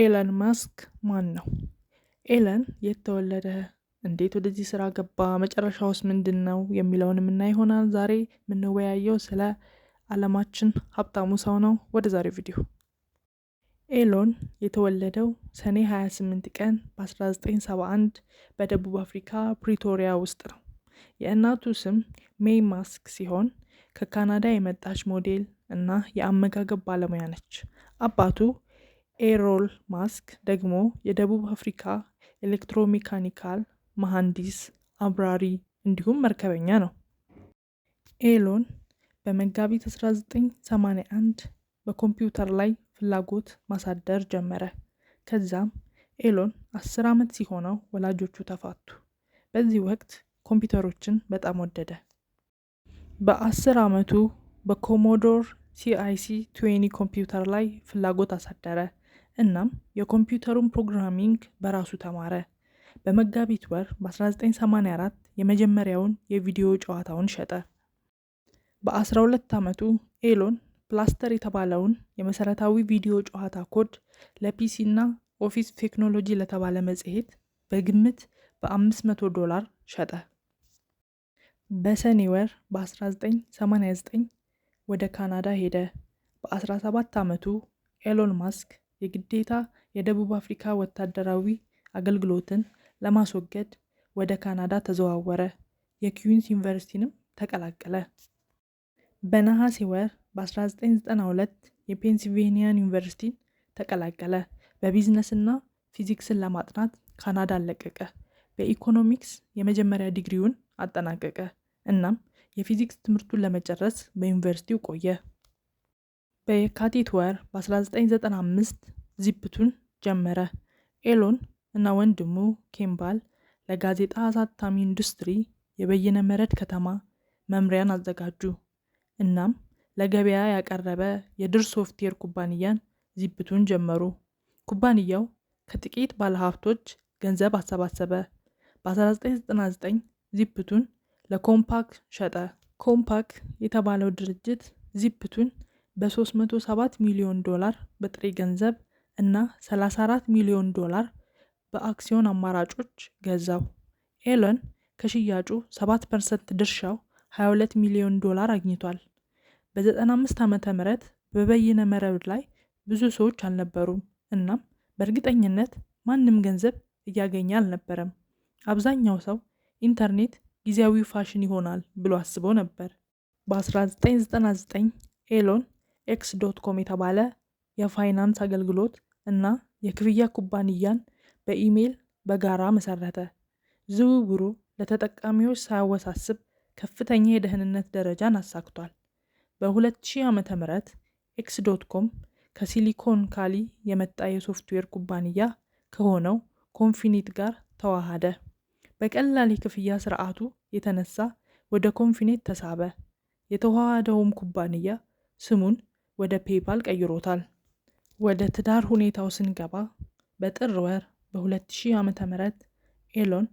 ኤለን ማስክ ማን ነው? ኤለን የት ተወለደ? እንዴት ወደዚህ ስራ ገባ? መጨረሻውስ ምንድን ነው የሚለውን የምናይ ይሆናል። ዛሬ የምንወያየው ስለ አለማችን ሀብታሙ ሰው ነው። ወደ ዛሬው ቪዲዮ። ኤሎን የተወለደው ሰኔ 28 ቀን በ1971 በደቡብ አፍሪካ ፕሪቶሪያ ውስጥ ነው። የእናቱ ስም ሜይ ማስክ ሲሆን ከካናዳ የመጣች ሞዴል እና የአመጋገብ ባለሙያ ነች። አባቱ ኤሮል ማስክ ደግሞ የደቡብ አፍሪካ ኤሌክትሮሜካኒካል መሐንዲስ፣ አብራሪ እንዲሁም መርከበኛ ነው። ኤሎን በመጋቢት 1981 በኮምፒውተር ላይ ፍላጎት ማሳደር ጀመረ። ከዛም ኤሎን አስር ዓመት ሲሆነው ወላጆቹ ተፋቱ። በዚህ ወቅት ኮምፒውተሮችን በጣም ወደደ። በአስር ዓመቱ በኮሞዶር ሲአይሲ ቱዌኒ ኮምፒውተር ላይ ፍላጎት አሳደረ። እናም የኮምፒውተሩን ፕሮግራሚንግ በራሱ ተማረ። በመጋቢት ወር በ1984 የመጀመሪያውን የቪዲዮ ጨዋታውን ሸጠ። በ12 ዓመቱ ኤሎን ፕላስተር የተባለውን የመሰረታዊ ቪዲዮ ጨዋታ ኮድ ለፒሲ እና ኦፊስ ቴክኖሎጂ ለተባለ መጽሔት በግምት በ500 ዶላር ሸጠ። በሰኔ ወር በ1989 ወደ ካናዳ ሄደ። በ17 ዓመቱ ኤሎን ማስክ የግዴታ የደቡብ አፍሪካ ወታደራዊ አገልግሎትን ለማስወገድ ወደ ካናዳ ተዘዋወረ፣ የኪዊንስ ዩኒቨርሲቲንም ተቀላቀለ። በነሐሴ ወር በ1992 የፔንሲልቬንያን ዩኒቨርሲቲን ተቀላቀለ። በቢዝነስና ፊዚክስን ለማጥናት ካናዳን ለቀቀ። በኢኮኖሚክስ የመጀመሪያ ዲግሪውን አጠናቀቀ። እናም የፊዚክስ ትምህርቱን ለመጨረስ በዩኒቨርሲቲው ቆየ። በየካቲት ወር በ1995 ዚፕቱን ጀመረ። ኤሎን እና ወንድሙ ኬምባል ለጋዜጣ አሳታሚ ኢንዱስትሪ የበይነ መረድ ከተማ መምሪያን አዘጋጁ። እናም ለገበያ ያቀረበ የድር ሶፍትዌር ኩባንያን ዚፕቱን ጀመሩ። ኩባንያው ከጥቂት ባለሀብቶች ገንዘብ አሰባሰበ። በ1999 ዚፕቱን ለኮምፓክ ሸጠ። ኮምፓክ የተባለው ድርጅት ዚፕቱን በ307 ሚሊዮን ዶላር በጥሬ ገንዘብ እና 34 ሚሊዮን ዶላር በአክሲዮን አማራጮች ገዛው። ኤሎን ከሽያጩ 7 ፐርሰንት ድርሻው 22 ሚሊዮን ዶላር አግኝቷል። በ95 ም በበይነ መረብ ላይ ብዙ ሰዎች አልነበሩም እናም በእርግጠኝነት ማንም ገንዘብ እያገኘ አልነበረም። አብዛኛው ሰው ኢንተርኔት ጊዜያዊ ፋሽን ይሆናል ብሎ አስቦ ነበር። በ1999 ኤሎን ኤክስ ዶት ኮም የተባለ የፋይናንስ አገልግሎት እና የክፍያ ኩባንያን በኢሜይል በጋራ መሰረተ። ዝውውሩ ለተጠቃሚዎች ሳያወሳስብ ከፍተኛ የደህንነት ደረጃን አሳክቷል። በ2000 ዓ.ም ኤክስ ዶት ኮም ከሲሊኮን ካሊ የመጣ የሶፍትዌር ኩባንያ ከሆነው ኮንፊኒት ጋር ተዋሃደ። በቀላል የክፍያ ስርዓቱ የተነሳ ወደ ኮንፊኔት ተሳበ። የተዋሃደውም ኩባንያ ስሙን ወደ ፔፓል ቀይሮታል። ወደ ትዳር ሁኔታው ስንገባ በጥር ወር በ2000 ዓ ም ኤሎን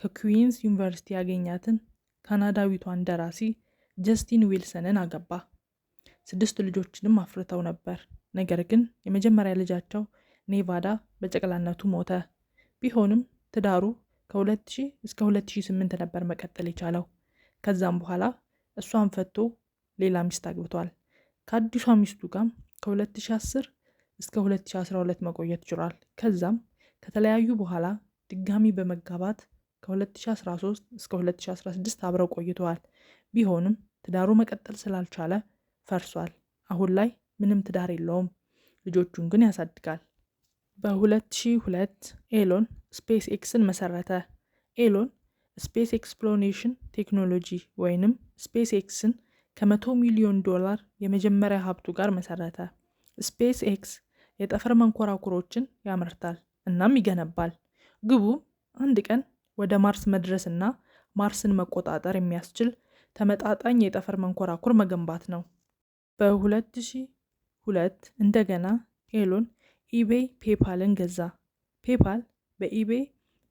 ከኩዊንስ ዩኒቨርሲቲ ያገኛትን ካናዳዊቷን ደራሲ ጀስቲን ዊልሰንን አገባ። ስድስት ልጆችንም አፍርተው ነበር። ነገር ግን የመጀመሪያ ልጃቸው ኔቫዳ በጨቅላነቱ ሞተ። ቢሆንም ትዳሩ ከ2000 እስከ 2008 ነበር መቀጠል የቻለው። ከዛም በኋላ እሷን ፈቶ ሌላ ሚስት አግብቷል። ከአዲሷ ሚስቱ ጋር ከ2010 እስከ 2012 መቆየት ችሏል። ከዛም ከተለያዩ በኋላ ድጋሚ በመጋባት ከ2013 እስከ 2016 አብረው ቆይተዋል። ቢሆንም ትዳሩ መቀጠል ስላልቻለ ፈርሷል። አሁን ላይ ምንም ትዳር የለውም፣ ልጆቹን ግን ያሳድጋል። በ2002 ኤሎን ስፔስ ኤክስን መሰረተ። ኤሎን ስፔስ ኤክስፕሎኔሽን ቴክኖሎጂ ወይንም ስፔስ ኤክስን ከመቶ ሚሊዮን ዶላር የመጀመሪያ ሀብቱ ጋር መሰረተ። ስፔስ ኤክስ የጠፈር መንኮራኩሮችን ያመርታል እናም ይገነባል። ግቡም አንድ ቀን ወደ ማርስ መድረስ እና ማርስን መቆጣጠር የሚያስችል ተመጣጣኝ የጠፈር መንኮራኩር መገንባት ነው። በ2002 እንደገና ኤሎን ኢቤይ ፔፓልን ገዛ። ፔፓል በኢቤይ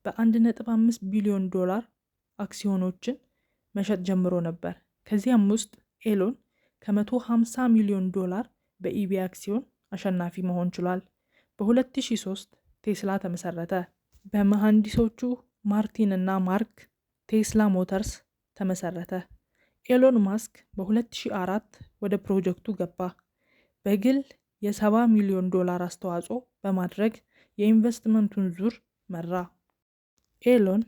በ1.5 ቢሊዮን ዶላር አክሲዮኖችን መሸጥ ጀምሮ ነበር። ከዚያም ውስጥ ኤሎን ከ150 ሚሊዮን ዶላር በኢቢ አክሲዮን አሸናፊ መሆን ችሏል። በ2003 ቴስላ ተመሰረተ። በመሐንዲሶቹ ማርቲን እና ማርክ ቴስላ ሞተርስ ተመሰረተ። ኤሎን ማስክ በ2004 ወደ ፕሮጀክቱ ገባ። በግል የ70 ሚሊዮን ዶላር አስተዋጽኦ በማድረግ የኢንቨስትመንቱን ዙር መራ። ኤሎን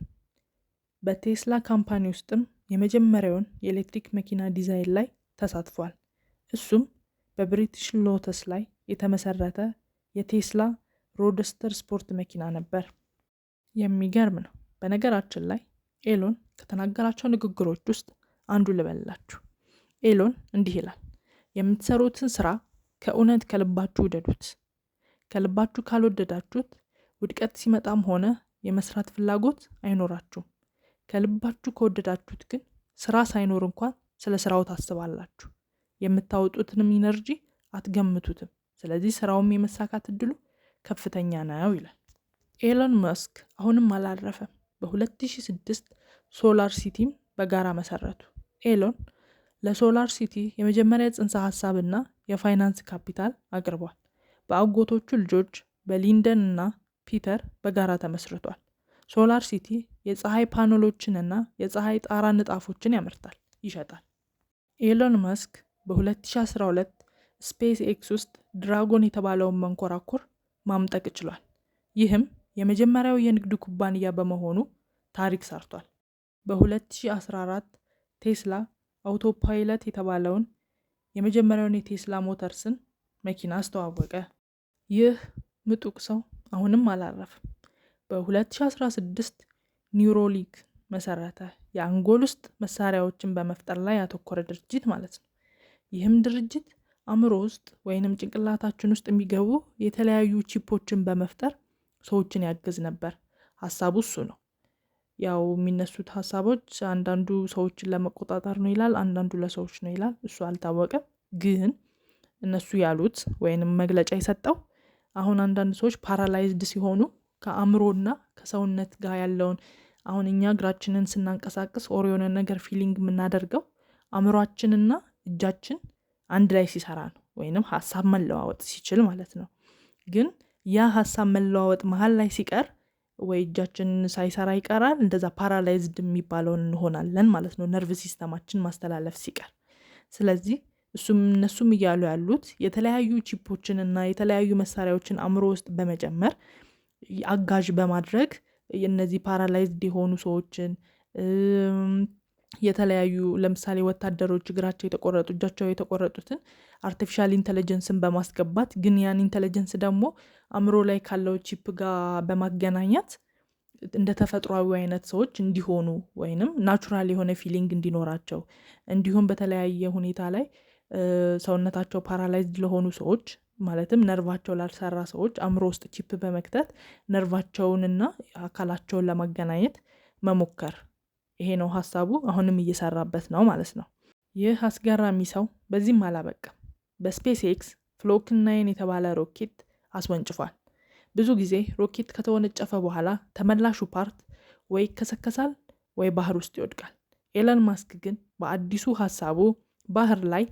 በቴስላ ካምፓኒ ውስጥም የመጀመሪያውን የኤሌክትሪክ መኪና ዲዛይን ላይ ተሳትፏል። እሱም በብሪቲሽ ሎተስ ላይ የተመሰረተ የቴስላ ሮድስተር ስፖርት መኪና ነበር። የሚገርም ነው። በነገራችን ላይ ኤሎን ከተናገራቸው ንግግሮች ውስጥ አንዱ ልበላችሁ። ኤሎን እንዲህ ይላል፣ የምትሰሩትን ስራ ከእውነት ከልባችሁ ውደዱት። ከልባችሁ ካልወደዳችሁት ውድቀት ሲመጣም ሆነ የመስራት ፍላጎት አይኖራችሁም። ከልባችሁ ከወደዳችሁት ግን ስራ ሳይኖር እንኳን ስለ ስራው ታስባላችሁ። የምታወጡትንም ኢነርጂ አትገምቱትም። ስለዚህ ስራውም የመሳካት እድሉ ከፍተኛ ነው ይላል። ኤሎን መስክ አሁንም አላረፈም። በ2006 ሶላር ሲቲም በጋራ መሰረቱ። ኤሎን ለሶላር ሲቲ የመጀመሪያ ጽንሰ ና የፋይናንስ ካፒታል አቅርቧል። በአጎቶቹ ልጆች በሊንደን እና ፒተር በጋራ ተመስርቷል። ሶላር ሲቲ የፀሐይ ፓኖሎችንና የፀሐይ ጣራ ንጣፎችን ያመርታል፣ ይሸጣል። ኤሎን መስክ በ2012 ስፔስ ኤክስ ውስጥ ድራጎን የተባለውን መንኮራኩር ማምጠቅ ችሏል። ይህም የመጀመሪያው የንግድ ኩባንያ በመሆኑ ታሪክ ሰርቷል። በ2014 ቴስላ አውቶፓይለት የተባለውን የመጀመሪያውን የቴስላ ሞተርስን መኪና አስተዋወቀ። ይህ ምጡቅ ሰው አሁንም አላረፍም። በ2016 ኒውሮሊክ መሰረተ። የአንጎል ውስጥ መሳሪያዎችን በመፍጠር ላይ ያተኮረ ድርጅት ማለት ነው። ይህም ድርጅት አእምሮ ውስጥ ወይንም ጭንቅላታችን ውስጥ የሚገቡ የተለያዩ ቺፖችን በመፍጠር ሰዎችን ያግዝ ነበር። ሀሳቡ እሱ ነው። ያው የሚነሱት ሀሳቦች አንዳንዱ ሰዎችን ለመቆጣጠር ነው ይላል፣ አንዳንዱ ለሰዎች ነው ይላል። እሱ አልታወቀም። ግን እነሱ ያሉት ወይንም መግለጫ የሰጠው አሁን አንዳንድ ሰዎች ፓራላይዝድ ሲሆኑ ከአእምሮና ከሰውነት ጋር ያለውን አሁን እኛ እግራችንን ስናንቀሳቅስ ኦር የሆነ ነገር ፊሊንግ የምናደርገው አእምሯችንና እጃችን አንድ ላይ ሲሰራ ነው፣ ወይንም ሀሳብ መለዋወጥ ሲችል ማለት ነው። ግን ያ ሀሳብ መለዋወጥ መሀል ላይ ሲቀር ወይ እጃችን ሳይሰራ ይቀራል፣ እንደዛ ፓራላይዝድ የሚባለውን እንሆናለን ማለት ነው፣ ነርቭ ሲስተማችን ማስተላለፍ ሲቀር። ስለዚህ እሱም እነሱም እያሉ ያሉት የተለያዩ ቺፖችን እና የተለያዩ መሳሪያዎችን አእምሮ ውስጥ በመጨመር አጋዥ በማድረግ እነዚህ ፓራላይዝድ የሆኑ ሰዎችን የተለያዩ ለምሳሌ ወታደሮች እግራቸው የተቆረጡ እጃቸው የተቆረጡትን አርቲፊሻል ኢንቴሊጀንስን በማስገባት ግን ያን ኢንቴሊጀንስ ደግሞ አእምሮ ላይ ካለው ቺፕ ጋር በማገናኘት እንደ ተፈጥሯዊ አይነት ሰዎች እንዲሆኑ ወይንም ናቹራል የሆነ ፊሊንግ እንዲኖራቸው እንዲሁም በተለያየ ሁኔታ ላይ ሰውነታቸው ፓራላይዝድ ለሆኑ ሰዎች ማለትም ነርቫቸው ላልሰራ ሰዎች አእምሮ ውስጥ ቺፕ በመክተት ነርቫቸውንና አካላቸውን ለማገናኘት መሞከር። ይሄ ነው ሀሳቡ። አሁንም እየሰራበት ነው ማለት ነው። ይህ አስገራሚ ሰው በዚህም አላበቅም በስፔስ ኤክስ ፍሎክ ናይን የተባለ ሮኬት አስወንጭፏል። ብዙ ጊዜ ሮኬት ከተወነጨፈ በኋላ ተመላሹ ፓርት ወይ ይከሰከሳል ወይ ባህር ውስጥ ይወድቃል። ኤለን ማስክ ግን በአዲሱ ሀሳቡ ባህር ላይ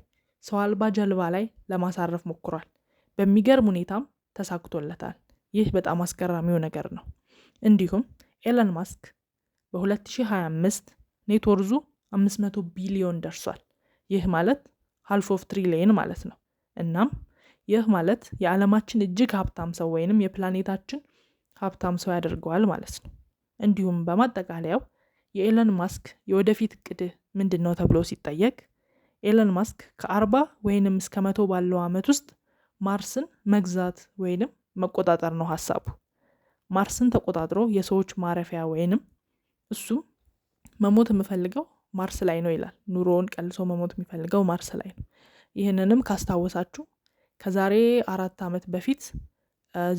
ሰው አልባ ጀልባ ላይ ለማሳረፍ ሞክሯል። በሚገርም ሁኔታም ተሳክቶለታል። ይህ በጣም አስገራሚው ነገር ነው። እንዲሁም ኤለን ማስክ በ2025 ኔትወርዙ 500 ቢሊዮን ደርሷል። ይህ ማለት ሃልፍ ኦፍ ትሪሊየን ማለት ነው። እናም ይህ ማለት የዓለማችን እጅግ ሀብታም ሰው ወይንም የፕላኔታችን ሀብታም ሰው ያደርገዋል ማለት ነው። እንዲሁም በማጠቃለያው የኤለን ማስክ የወደፊት እቅድ ምንድን ነው ተብሎ ሲጠየቅ ኤለን ማስክ ከአርባ ወይንም እስከ መቶ ባለው ዓመት ውስጥ ማርስን መግዛት ወይንም መቆጣጠር ነው ሀሳቡ። ማርስን ተቆጣጥሮ የሰዎች ማረፊያ ወይንም እሱ መሞት የምፈልገው ማርስ ላይ ነው ይላል። ኑሮውን ቀልሶ መሞት የሚፈልገው ማርስ ላይ ነው። ይህንንም ካስታወሳችሁ ከዛሬ አራት ዓመት በፊት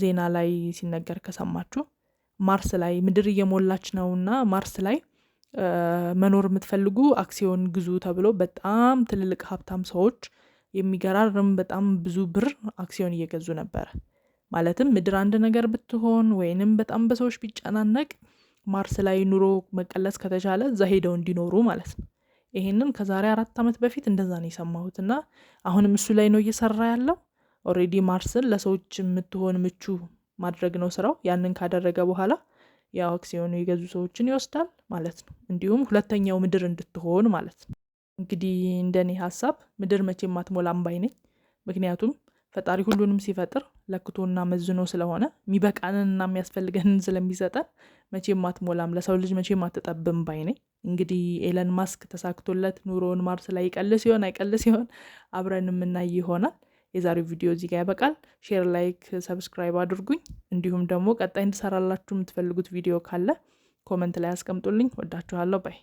ዜና ላይ ሲነገር ከሰማችሁ ማርስ ላይ ምድር እየሞላች ነው እና ማርስ ላይ መኖር የምትፈልጉ አክሲዮን ግዙ ተብሎ በጣም ትልልቅ ሀብታም ሰዎች የሚገራርም በጣም ብዙ ብር አክሲዮን እየገዙ ነበረ። ማለትም ምድር አንድ ነገር ብትሆን ወይንም በጣም በሰዎች ቢጨናነቅ ማርስ ላይ ኑሮ መቀለስ ከተቻለ እዛ ሄደው እንዲኖሩ ማለት ነው። ይሄንን ከዛሬ አራት ዓመት በፊት እንደዛ ነው የሰማሁት እና አሁንም እሱ ላይ ነው እየሰራ ያለው። ኦሬዲ ማርስን ለሰዎች የምትሆን ምቹ ማድረግ ነው ስራው። ያንን ካደረገ በኋላ ያው አክሲዮኑ የገዙ ሰዎችን ይወስዳል ማለት ነው። እንዲሁም ሁለተኛው ምድር እንድትሆን ማለት ነው። እንግዲህ እንደኔ ሀሳብ ምድር መቼ ማትሞላም ባይ ነኝ። ምክንያቱም ፈጣሪ ሁሉንም ሲፈጥር ለክቶና መዝኖ ስለሆነ የሚበቃንን እና የሚያስፈልገንን ስለሚሰጠን መቼ ማትሞላም ለሰው ልጅ መቼ ማትጠብም ባይ ነኝ። እንግዲህ ኤለን ማስክ ተሳክቶለት ኑሮውን ማርስ ላይ ይቀልስ ሲሆን አይቀልስ ሲሆን አብረን የምናይ ይሆናል። የዛሬው ቪዲዮ እዚህ ጋር ያበቃል። ሼር፣ ላይክ፣ ሰብስክራይብ አድርጉኝ። እንዲሁም ደግሞ ቀጣይ እንድሰራላችሁ የምትፈልጉት ቪዲዮ ካለ ኮመንት ላይ አስቀምጡልኝ። ወዳችኋለሁ ባይ